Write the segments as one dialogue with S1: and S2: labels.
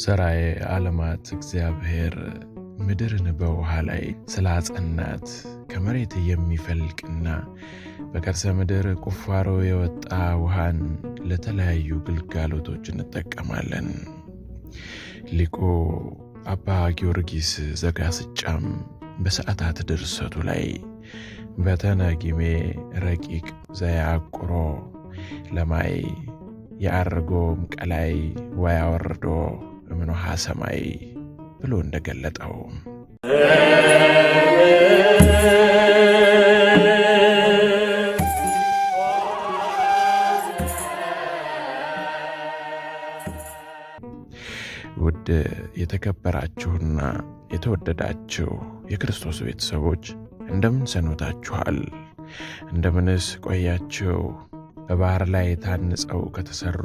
S1: ሰራየ ዓለማት እግዚአብሔር ምድርን በውሃ ላይ ስላጸናት ከመሬት የሚፈልቅና በከርሰ ምድር ቁፋሮ የወጣ ውሃን ለተለያዩ ግልጋሎቶች እንጠቀማለን። ሊቁ አባ ጊዮርጊስ ዘጋስጫም በሰዓታት ድርሰቱ ላይ በተነጊሜ ረቂቅ ዘያቁሮ ለማይ የአርጎም ቀላይ ወያወርዶ በምንሃ ሰማይ ብሎ እንደገለጠው ውድ የተከበራችሁና የተወደዳችሁ የክርስቶስ ቤተሰቦች እንደምን ሰኖታችኋል እንደምንስ ቆያችሁ? በባህር ላይ ታንጸው ከተሰሩ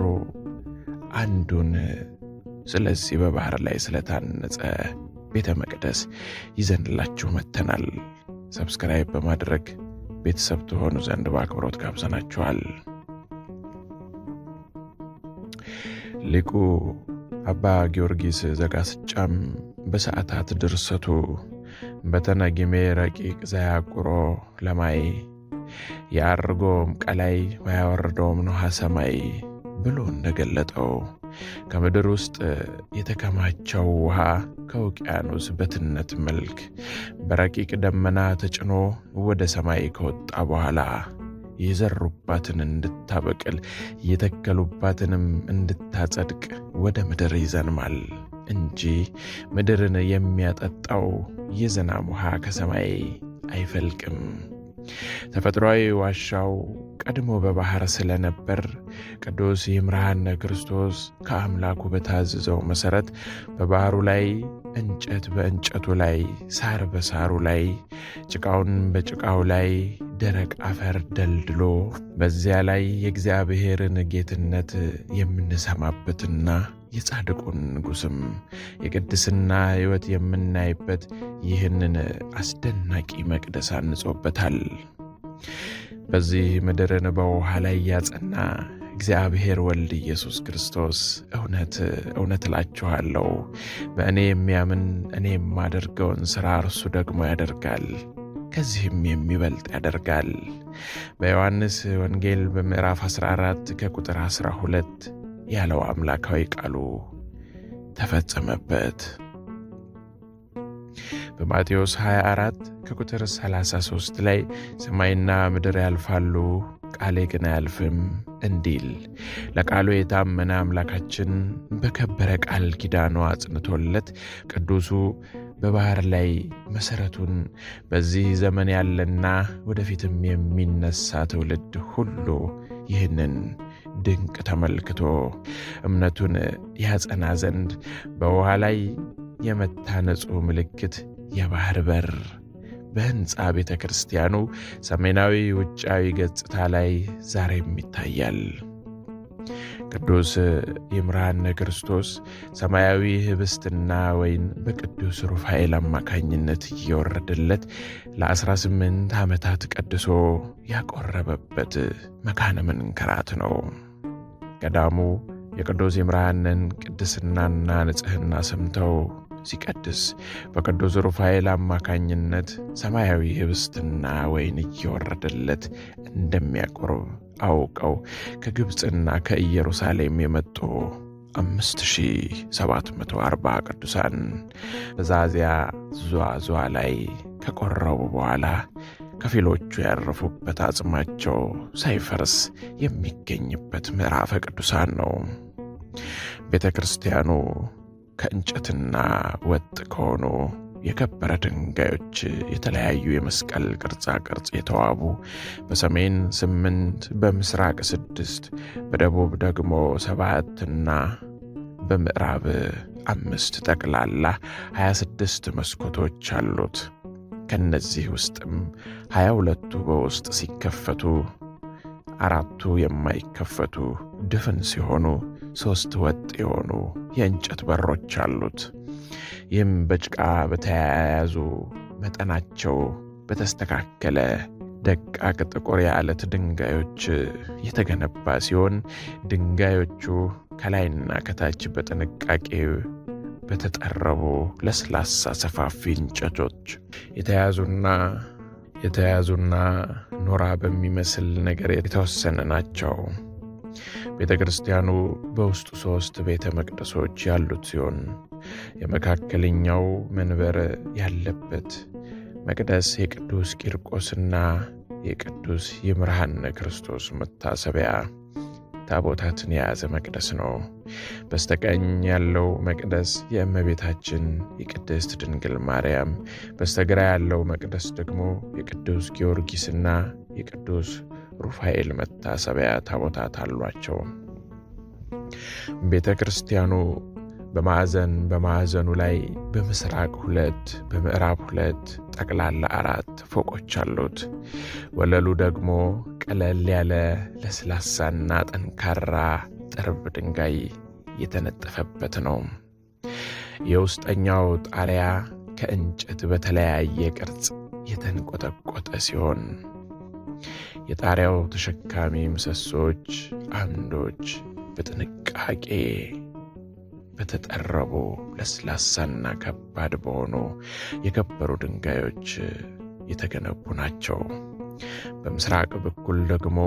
S1: አንዱን ስለዚህ በባህር ላይ ስለታነጸ ቤተ መቅደስ ይዘንላችሁ መጥተናል። ሰብስክራይብ በማድረግ ቤተሰብ ትሆኑ ዘንድ በአክብሮት ጋብዘናችኋል። ሊቁ አባ ጊዮርጊስ ዘጋስጫም በሰዓታት ድርሰቱ በተነጊሜ ረቂቅ ዘያቁሮ ለማይ የአርጎም ቀላይ ወያወርደውም ኖሃ ሰማይ ብሎ እንደገለጠው ከምድር ውስጥ የተከማቸው ውሃ ከውቅያኖስ በትነት መልክ በረቂቅ ደመና ተጭኖ ወደ ሰማይ ከወጣ በኋላ የዘሩባትን እንድታበቅል የተከሉባትንም እንድታጸድቅ ወደ ምድር ይዘንማል እንጂ ምድርን የሚያጠጣው የዝናብ ውሃ ከሰማይ አይፈልቅም። ተፈጥሯዊ ዋሻው ቀድሞ በባህር ስለነበር ቅዱስ ይምርሃነ ክርስቶስ ከአምላኩ በታዘዘው መሠረት በባህሩ ላይ እንጨት በእንጨቱ ላይ፣ ሳር በሳሩ ላይ፣ ጭቃውን በጭቃው ላይ ደረቅ አፈር ደልድሎ በዚያ ላይ የእግዚአብሔርን ጌትነት የምንሰማበትና የጻድቁን ንጉሥም የቅድስና ሕይወት የምናይበት ይህንን አስደናቂ መቅደስ አንጾበታል። በዚህ ምድርን በውሃ ላይ ያጸና እግዚአብሔር ወልድ ኢየሱስ ክርስቶስ እውነት እውነት እላችኋለሁ በእኔ የሚያምን እኔ የማደርገውን ሥራ እርሱ ደግሞ ያደርጋል ከዚህም የሚበልጥ ያደርጋል። በዮሐንስ ወንጌል በምዕራፍ 14 ከቁጥር 12 ያለው አምላካዊ ቃሉ ተፈጸመበት። በማቴዎስ 24 ከቁጥር 33 ላይ ሰማይና ምድር ያልፋሉ ቃሌ ግን አያልፍም እንዲል ለቃሉ የታመነ አምላካችን በከበረ ቃል ኪዳኑ አጽንቶለት ቅዱሱ በባህር ላይ መሠረቱን በዚህ ዘመን ያለና ወደፊትም የሚነሳ ትውልድ ሁሉ ይህንን ድንቅ ተመልክቶ እምነቱን ያጸና ዘንድ በውሃ ላይ የመታነጹ ምልክት የባህር በር በህንፃ ቤተ ክርስቲያኑ ሰሜናዊ ውጫዊ ገጽታ ላይ ዛሬም ይታያል። ቅዱስ ይምርሃነ ክርስቶስ ሰማያዊ ህብስትና ወይን በቅዱስ ሩፋኤል አማካኝነት እየወረደለት ለ18 ዓመታት ቀድሶ ያቆረበበት መካነ መንክራት ነው። ገዳሙ የቅዱስ ይምርሃነን ቅድስናና ንጽህና ሰምተው ሲቀድስ በቅዱስ ሩፋኤል አማካኝነት ሰማያዊ ህብስትና ወይን እየወረደለት እንደሚያቆርብ አውቀው ከግብፅና ከኢየሩሳሌም የመጡ 5740 ቅዱሳን በዛዚያ ዟዟ ላይ ከቆረቡ በኋላ ከፊሎቹ ያረፉበት አጽማቸው ሳይፈርስ የሚገኝበት ምዕራፈ ቅዱሳን ነው። ቤተ ክርስቲያኑ ከእንጨትና ወጥ ከሆኑ የከበረ ድንጋዮች የተለያዩ የመስቀል ቅርጻ ቅርጽ የተዋቡ በሰሜን ስምንት በምስራቅ ስድስት በደቡብ ደግሞ ሰባትና በምዕራብ አምስት ጠቅላላ 26 መስኮቶች አሉት። ከነዚህ ውስጥም 22ቱ በውስጥ ሲከፈቱ አራቱ የማይከፈቱ ድፍን ሲሆኑ ሦስት ወጥ የሆኑ የእንጨት በሮች አሉት። ይህም በጭቃ በተያያዙ መጠናቸው በተስተካከለ ደቃቅ ጥቁር የዓለት ድንጋዮች የተገነባ ሲሆን ድንጋዮቹ ከላይና ከታች በጥንቃቄ በተጠረቡ ለስላሳ ሰፋፊ እንጨቶች የተያዙና የተያዙና ኖራ በሚመስል ነገር የተወሰነ ናቸው። ቤተ ክርስቲያኑ በውስጡ ሦስት ቤተ መቅደሶች ያሉት ሲሆን የመካከለኛው መንበር ያለበት መቅደስ የቅዱስ ቂርቆስና የቅዱስ ይምርሃነ ክርስቶስ መታሰቢያ ታቦታትን የያዘ መቅደስ ነው። በስተቀኝ ያለው መቅደስ የእመቤታችን የቅድስት ድንግል ማርያም፣ በስተግራ ያለው መቅደስ ደግሞ የቅዱስ ጊዮርጊስና የቅዱስ ሩፋኤል መታሰቢያ ታቦታት አሏቸው። ቤተ ክርስቲያኑ በማዕዘን በማዕዘኑ ላይ በምስራቅ ሁለት በምዕራብ ሁለት ጠቅላላ አራት ፎቆች አሉት። ወለሉ ደግሞ ቀለል ያለ ለስላሳና ጠንካራ ጥርብ ድንጋይ የተነጠፈበት ነው። የውስጠኛው ጣሪያ ከእንጨት በተለያየ ቅርጽ የተንቆጠቆጠ ሲሆን የጣሪያው ተሸካሚ ምሰሶች አምዶች በጥንቃቄ በተጠረቡ ለስላሳና ከባድ በሆኑ የከበሩ ድንጋዮች የተገነቡ ናቸው። በምስራቅ በኩል ደግሞ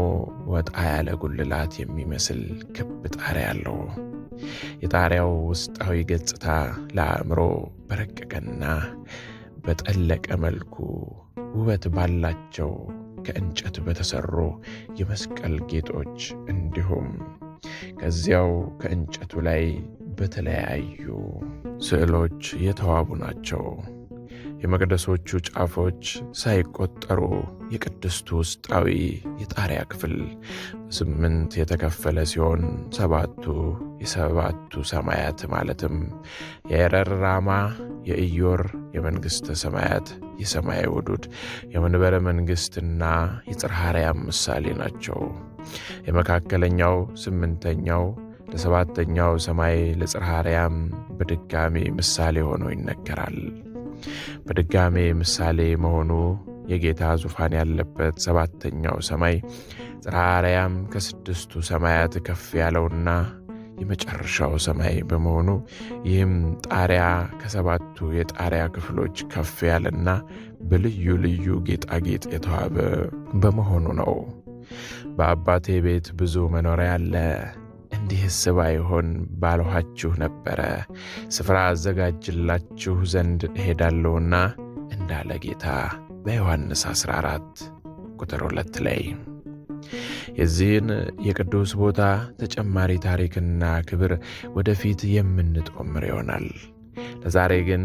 S1: ወጣ ያለ ጉልላት የሚመስል ክብ ጣሪያ አለው። የጣሪያው ውስጣዊ ገጽታ ለአእምሮ በረቀቀና በጠለቀ መልኩ ውበት ባላቸው ከእንጨት በተሰሩ የመስቀል ጌጦች እንዲሁም ከዚያው ከእንጨቱ ላይ በተለያዩ ስዕሎች የተዋቡ ናቸው። የመቅደሶቹ ጫፎች ሳይቆጠሩ የቅድስቱ ውስጣዊ የጣሪያ ክፍል በስምንት የተከፈለ ሲሆን ሰባቱ የሰባቱ ሰማያት ማለትም የኤረር ራማ፣ የኢዮር፣ የመንግሥተ ሰማያት፣ የሰማይ ውዱድ፣ የመንበረ መንግሥትና የጽርሃርያም ምሳሌ ናቸው። የመካከለኛው ስምንተኛው ለሰባተኛው ሰማይ ለጽርሃርያም በድጋሚ ምሳሌ ሆኖ ይነገራል። በድጋሜ ምሳሌ መሆኑ የጌታ ዙፋን ያለበት ሰባተኛው ሰማይ ጽርሐ አርያም ከስድስቱ ሰማያት ከፍ ያለውና የመጨረሻው ሰማይ በመሆኑ ይህም ጣሪያ ከሰባቱ የጣሪያ ክፍሎች ከፍ ያለና በልዩ ልዩ ጌጣጌጥ የተዋበ በመሆኑ ነው። በአባቴ ቤት ብዙ መኖሪያ አለ ስባ ይሆን ባልኋችሁ ነበረ፣ ስፍራ አዘጋጅላችሁ ዘንድ እሄዳለሁና እንዳለ ጌታ በዮሐንስ 14 ቁጥር 2 ላይ። የዚህን የቅዱስ ቦታ ተጨማሪ ታሪክና ክብር ወደፊት የምንጦምር ይሆናል። ለዛሬ ግን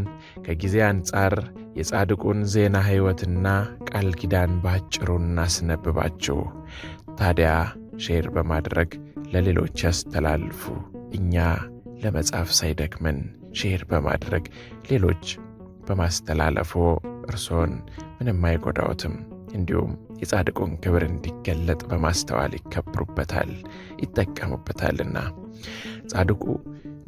S1: ከጊዜ አንጻር የጻድቁን ዜና ሕይወትና ቃል ኪዳን ባጭሩ እናስነብባችሁ። ታዲያ ሼር በማድረግ ለሌሎች ያስተላልፉ። እኛ ለመጻፍ ሳይደክመን ሼር በማድረግ ሌሎች በማስተላለፎ እርሶን ምንም አይጎዳዎትም። እንዲሁም የጻድቁን ክብር እንዲገለጥ በማስተዋል ይከብሩበታል፣ ይጠቀሙበታልና። ጻድቁ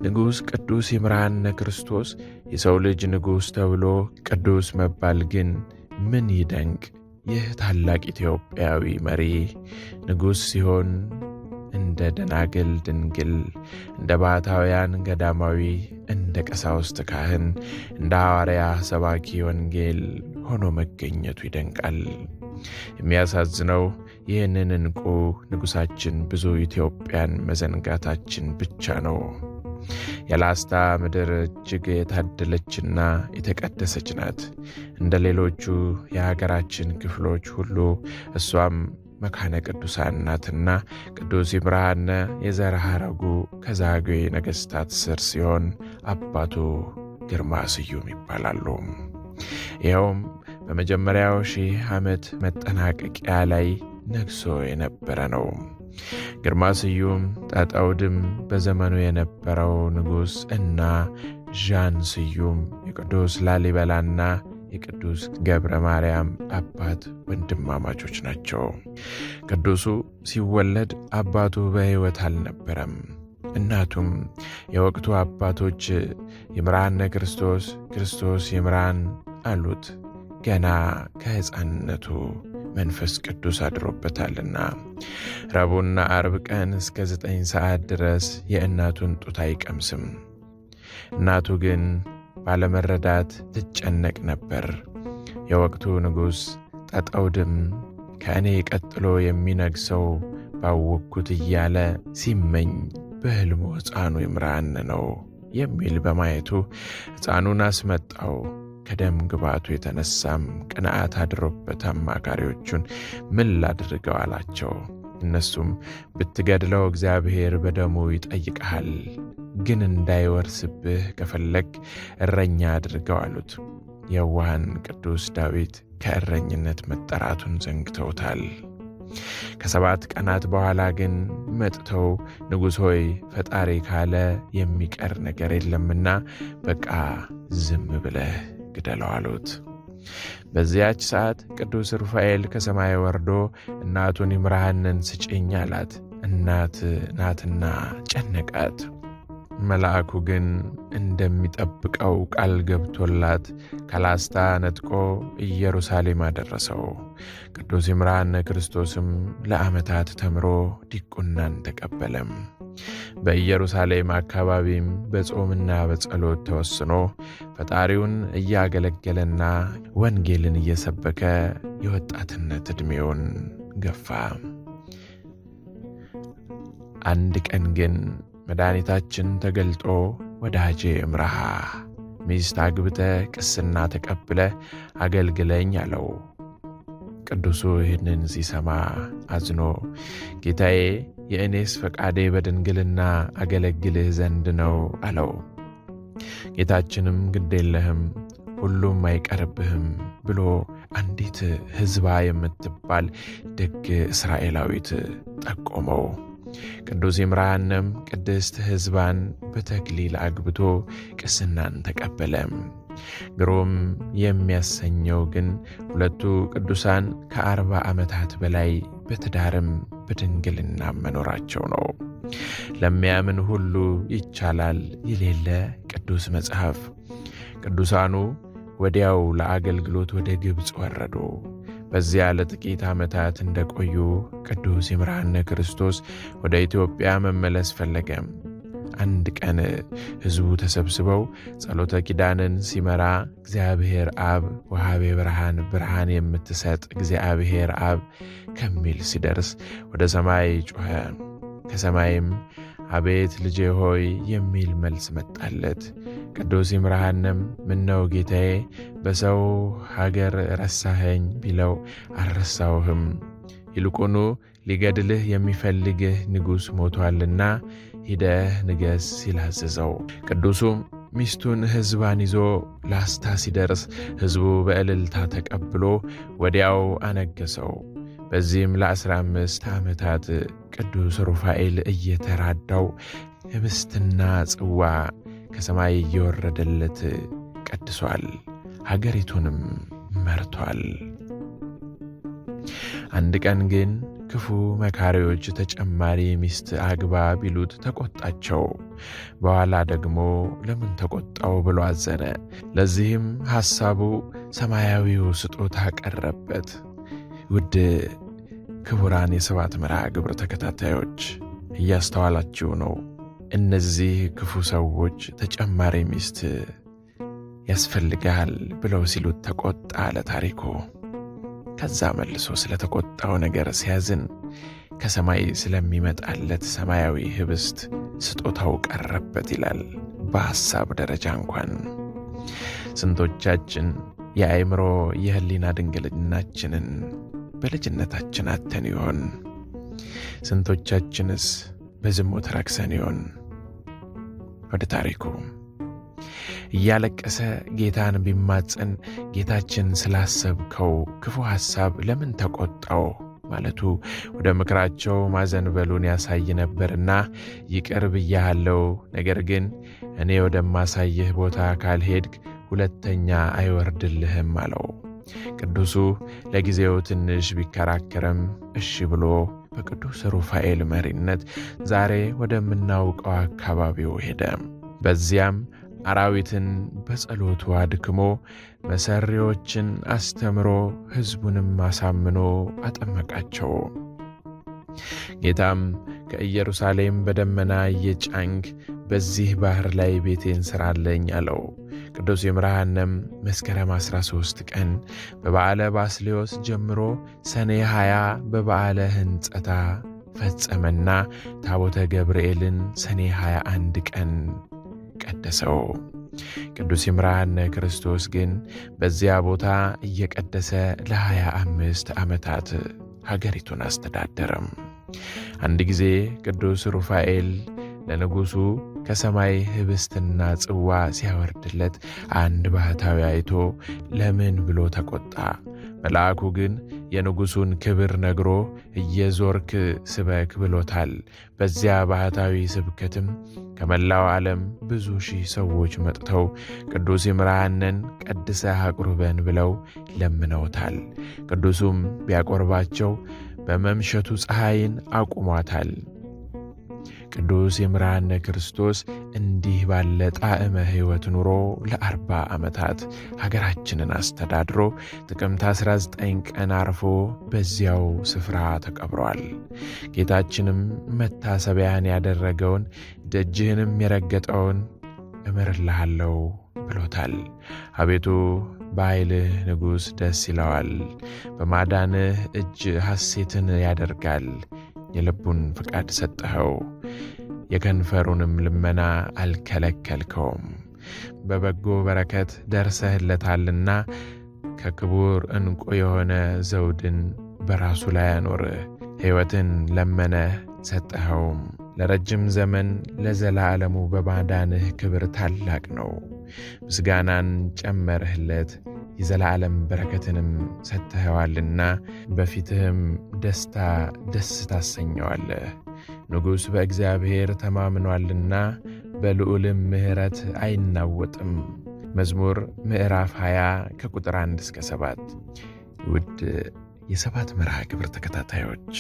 S1: ንጉሥ ቅዱስ ይምርሃነ ክርስቶስ የሰው ልጅ ንጉሥ ተብሎ ቅዱስ መባል ግን ምን ይደንቅ! ይህ ታላቅ ኢትዮጵያዊ መሪ ንጉሥ ሲሆን እንደ ደናግል ድንግል፣ እንደ ባህታውያን ገዳማዊ፣ እንደ ቀሳውስት ካህን፣ እንደ ሐዋርያ ሰባኪ ወንጌል ሆኖ መገኘቱ ይደንቃል። የሚያሳዝነው ይህንን እንቁ ንጉሳችን ብዙ ኢትዮጵያን መዘንጋታችን ብቻ ነው። የላስታ ምድር እጅግ የታደለችና የተቀደሰች ናት። እንደ ሌሎቹ የሀገራችን ክፍሎች ሁሉ እሷም መካነ ቅዱሳን እናትና ቅዱስ ይብርሃነ የዘር ሐረጉ ከዛጌ ነገሥታት ስር ሲሆን አባቱ ግርማ ስዩም ይባላሉ። ይኸውም በመጀመሪያው ሺህ ዓመት መጠናቀቂያ ላይ ነግሶ የነበረ ነው። ግርማ ስዩም ጣጣውድም በዘመኑ የነበረው ንጉሥ እና ዣን ስዩም የቅዱስ ላሊበላና የቅዱስ ገብረ ማርያም አባት ወንድማማቾች ናቸው። ቅዱሱ ሲወለድ አባቱ በሕይወት አልነበረም። እናቱም የወቅቱ አባቶች ይምርሃነ ክርስቶስ፣ ክርስቶስ ይምርሃን አሉት። ገና ከሕፃንነቱ መንፈስ ቅዱስ አድሮበታልና ረቡዕና አርብ ቀን እስከ ዘጠኝ ሰዓት ድረስ የእናቱን ጡት አይቀምስም። እናቱ ግን ባለመረዳት ትጨነቅ ነበር። የወቅቱ ንጉሥ ጠጠውድም ከእኔ ቀጥሎ የሚነግሰው ባወቅኩት እያለ ሲመኝ በሕልሙ ሕፃኑ ይምራን ነው የሚል በማየቱ ሕፃኑን አስመጣው። ከደም ግባቱ የተነሳም ቅንዓት አድሮበት አማካሪዎቹን ምን ላድርገው አላቸው። እነሱም ብትገድለው እግዚአብሔር በደሙ ይጠይቀሃል ግን እንዳይወርስብህ ከፈለግ እረኛ አድርገው አሉት። የዋሃን ቅዱስ ዳዊት ከእረኝነት መጠራቱን ዘንግተውታል። ከሰባት ቀናት በኋላ ግን መጥተው ንጉሥ ሆይ ፈጣሪ ካለ የሚቀር ነገር የለምና በቃ ዝም ብለህ ግደለው አሉት። በዚያች ሰዓት ቅዱስ ሩፋኤል ከሰማይ ወርዶ እናቱን ይምርሃንን ስጭኝ አላት። እናት ናትና ጨነቃት። መልአኩ ግን እንደሚጠብቀው ቃል ገብቶላት ከላስታ ነጥቆ ኢየሩሳሌም አደረሰው። ቅዱስ ይምርሃነ ክርስቶስም ለዓመታት ተምሮ ዲቁናን ተቀበለም። በኢየሩሳሌም አካባቢም በጾምና በጸሎት ተወስኖ ፈጣሪውን እያገለገለና ወንጌልን እየሰበከ የወጣትነት ዕድሜውን ገፋ። አንድ ቀን ግን መድኃኒታችን ተገልጦ ወዳጄ እምረሃ ሚስት አግብተ ቅስና ተቀብለ አገልግለኝ አለው። ቅዱሱ ይህንን ሲሰማ አዝኖ ጌታዬ፣ የእኔስ ፈቃዴ በድንግልና አገለግልህ ዘንድ ነው አለው። ጌታችንም ግድ የለህም ሁሉም አይቀርብህም ብሎ አንዲት ሕዝባ የምትባል ደግ እስራኤላዊት ጠቆመው። ቅዱስ ይምርሃንም ቅድስት ሕዝባን በተክሊል አግብቶ ቅስናን ተቀበለ። ግሩም የሚያሰኘው ግን ሁለቱ ቅዱሳን ከአርባ ዓመታት በላይ በትዳርም በድንግልና መኖራቸው ነው። ለሚያምን ሁሉ ይቻላል የሌለ ቅዱስ መጽሐፍ። ቅዱሳኑ ወዲያው ለአገልግሎት ወደ ግብፅ ወረዱ። በዚያ ለጥቂት ዓመታት እንደቆዩ ቅዱስ ይምርሃነ ክርስቶስ ወደ ኢትዮጵያ መመለስ ፈለገ። አንድ ቀን ሕዝቡ ተሰብስበው ጸሎተ ኪዳንን ሲመራ እግዚአብሔር አብ ወሃቤ ብርሃን ብርሃን የምትሰጥ እግዚአብሔር አብ ከሚል ሲደርስ ወደ ሰማይ ጮኸ። ከሰማይም አቤት ልጄ ሆይ የሚል መልስ መጣለት። ቅዱስ ይምርሃንም ምነው ጌታዬ በሰው ሀገር ረሳኸኝ ቢለው አልረሳውህም፣ ይልቁኑ ሊገድልህ የሚፈልግህ ንጉሥ ሞቷልና ሂደህ ንገስ ሲላዘዘው ቅዱሱም ሚስቱን ሕዝባን ይዞ ላስታ ሲደርስ ሕዝቡ በእልልታ ተቀብሎ ወዲያው አነገሰው! በዚህም ለአስራ አምስት ዓመታት ቅዱስ ሩፋኤል እየተራዳው ህብስትና ጽዋ ከሰማይ እየወረደለት ቀድሷል፣ ሀገሪቱንም መርቷል። አንድ ቀን ግን ክፉ መካሪዎች ተጨማሪ ሚስት አግባ ቢሉት ተቆጣቸው። በኋላ ደግሞ ለምን ተቆጣው ብሎ አዘነ። ለዚህም ሐሳቡ ሰማያዊው ስጦታ ቀረበት። ውድ ክቡራን የሰባት መርሃ ግብር ተከታታዮች እያስተዋላችሁ ነው። እነዚህ ክፉ ሰዎች ተጨማሪ ሚስት ያስፈልግሃል ብለው ሲሉት ተቆጣ አለ ታሪኩ። ከዛ መልሶ ስለተቆጣው ነገር ሲያዝን ከሰማይ ስለሚመጣለት ሰማያዊ ህብስት ስጦታው ቀረበት ይላል። በሐሳብ ደረጃ እንኳን ስንቶቻችን የአእምሮ የህሊና ድንግልናችንን በልጅነታችን አተን ይሆን? ስንቶቻችንስ በዝሙት ረክሰን ይሆን? ወደ ታሪኩ እያለቀሰ ጌታን ቢማፀን ጌታችን ስላሰብከው ክፉ ሐሳብ ለምን ተቆጣው ማለቱ ወደ ምክራቸው ማዘንበሉን ያሳይ ነበርና ይቅር ብያሃለው፣ ነገር ግን እኔ ወደማሳይህ ቦታ ካልሄድክ ሁለተኛ አይወርድልህም አለው። ቅዱሱ ለጊዜው ትንሽ ቢከራከርም እሺ ብሎ በቅዱስ ሩፋኤል መሪነት ዛሬ ወደምናውቀው አካባቢው ሄደ። በዚያም አራዊትን በጸሎቱ አድክሞ መሰሪዎችን አስተምሮ ሕዝቡንም አሳምኖ አጠመቃቸው። ጌታም ከኢየሩሳሌም በደመና እየጫንግ በዚህ ባሕር ላይ ቤቴን ሥራለኝ አለው። ቅዱስ ይምርሃነም መስከረም 13 ቀን በበዓለ ባስሌዎስ ጀምሮ ሰኔ 20 በበዓለ ሕንጸታ ፈጸመና ታቦተ ገብርኤልን ሰኔ 21 ቀን ቀደሰው። ቅዱስ ይምርሃነ ክርስቶስ ግን በዚያ ቦታ እየቀደሰ ለ25 ዓመታት ሀገሪቱን አስተዳደረም። አንድ ጊዜ ቅዱስ ሩፋኤል ለንጉሡ ከሰማይ ህብስትና ጽዋ ሲያወርድለት አንድ ባህታዊ አይቶ ለምን ብሎ ተቆጣ። መልአኩ ግን የንጉሡን ክብር ነግሮ እየዞርክ ስበክ ብሎታል። በዚያ ባህታዊ ስብከትም ከመላው ዓለም ብዙ ሺህ ሰዎች መጥተው ቅዱስ ይምርሃንን ቀድሰህ አቁርበን ብለው ለምነውታል። ቅዱሱም ቢያቆርባቸው በመምሸቱ ፀሐይን አቁሟታል። ቅዱስ ይምርሃነ ክርስቶስ እንዲህ ባለ ጣዕመ ሕይወት ኑሮ ለአርባ ዓመታት ሀገራችንን አስተዳድሮ ጥቅምት 19 ቀን አርፎ በዚያው ስፍራ ተቀብሯል። ጌታችንም መታሰቢያን ያደረገውን ደጅህንም የረገጠውን እምርልሃለሁ ብሎታል። አቤቱ በኃይልህ ንጉሥ ደስ ይለዋል፣ በማዳንህ እጅ ሐሴትን ያደርጋል። የልቡን ፍቃድ ሰጠኸው፣ የከንፈሩንም ልመና አልከለከልከውም። በበጎ በረከት ደርሰህለታልና ከክቡር ዕንቁ የሆነ ዘውድን በራሱ ላይ አኖርህ። ሕይወትን ለመነህ ሰጠኸውም። ለረጅም ዘመን ለዘላለሙ በማዳንህ ክብር ታላቅ ነው። ምስጋናን ጨመርህለት የዘላለም በረከትንም ሰጥተኸዋልና በፊትህም ደስታ ደስ ታሰኘዋለህ። ንጉሥ በእግዚአብሔር ተማምኗልና በልዑልም ምሕረት አይናወጥም። መዝሙር ምዕራፍ 20 ከቁጥር 1 እስከ 7። ውድ የሰባት መርሃ ግብር ተከታታዮች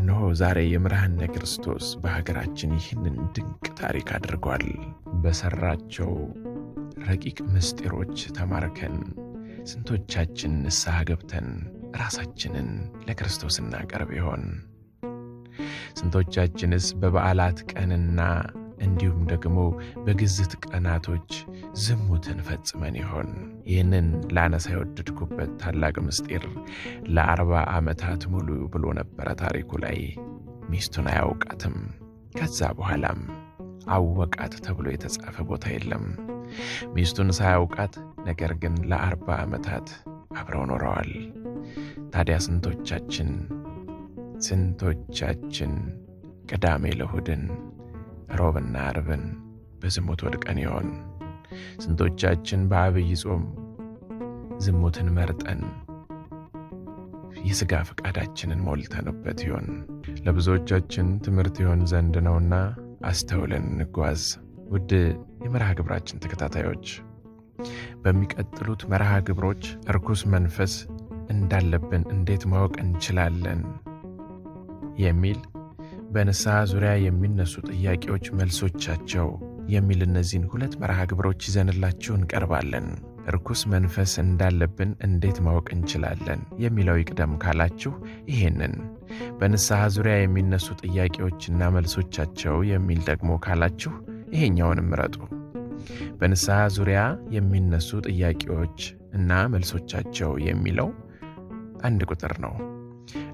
S1: እነሆ ዛሬ የምርሃነ ክርስቶስ በሀገራችን ይህንን ድንቅ ታሪክ አድርጓል። በሰራቸው ረቂቅ ምስጢሮች ተማርከን ስንቶቻችን ንስሐ ገብተን ራሳችንን ለክርስቶስ እናቀርብ ይሆን? ስንቶቻችንስ በበዓላት ቀንና እንዲሁም ደግሞ በግዝት ቀናቶች ዝሙትን ፈጽመን ይሆን? ይህንን ላነሳ የወደድኩበት ታላቅ ምስጢር ለአርባ ዓመታት ሙሉ ብሎ ነበረ ታሪኩ ላይ ሚስቱን አያውቃትም። ከዛ በኋላም አወቃት ተብሎ የተጻፈ ቦታ የለም። ሚስቱን ሳያውቃት ነገር ግን ለአርባ ዓመታት አብረው ኖረዋል። ታዲያ ስንቶቻችን ስንቶቻችን ቅዳሜ ለእሁድን ሮብና አርብን በዝሙት ወድቀን ይሆን? ስንቶቻችን በአብይ ጾም ዝሙትን መርጠን የሥጋ ፈቃዳችንን ሞልተንበት ይሆን? ለብዙዎቻችን ትምህርት ይሆን ዘንድ ነውና አስተውለን እንጓዝ። ውድ የመርሃ ግብራችን ተከታታዮች በሚቀጥሉት መርሃ ግብሮች እርኩስ መንፈስ እንዳለብን እንዴት ማወቅ እንችላለን የሚል በንስሐ ዙሪያ የሚነሱ ጥያቄዎች መልሶቻቸው የሚል እነዚህን ሁለት መርሃ ግብሮች ይዘንላችሁ እንቀርባለን። እርኩስ መንፈስ እንዳለብን እንዴት ማወቅ እንችላለን የሚለው ይቅደም ካላችሁ ይሄንን በንስሐ ዙሪያ የሚነሱ ጥያቄዎችና መልሶቻቸው የሚል ደግሞ ካላችሁ ይሄኛውን ምረጡ። በንስሐ ዙሪያ የሚነሱ ጥያቄዎች እና መልሶቻቸው የሚለው አንድ ቁጥር ነው።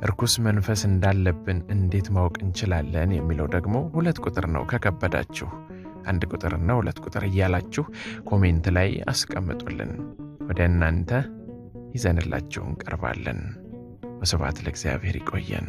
S1: እርኩስ መንፈስ እንዳለብን እንዴት ማወቅ እንችላለን? የሚለው ደግሞ ሁለት ቁጥር ነው። ከከበዳችሁ አንድ ቁጥርና ሁለት ቁጥር እያላችሁ ኮሜንት ላይ አስቀምጡልን። ወደ እናንተ ይዘንላችሁ እንቀርባለን። ወስብሐት ለእግዚአብሔር። ይቆየን።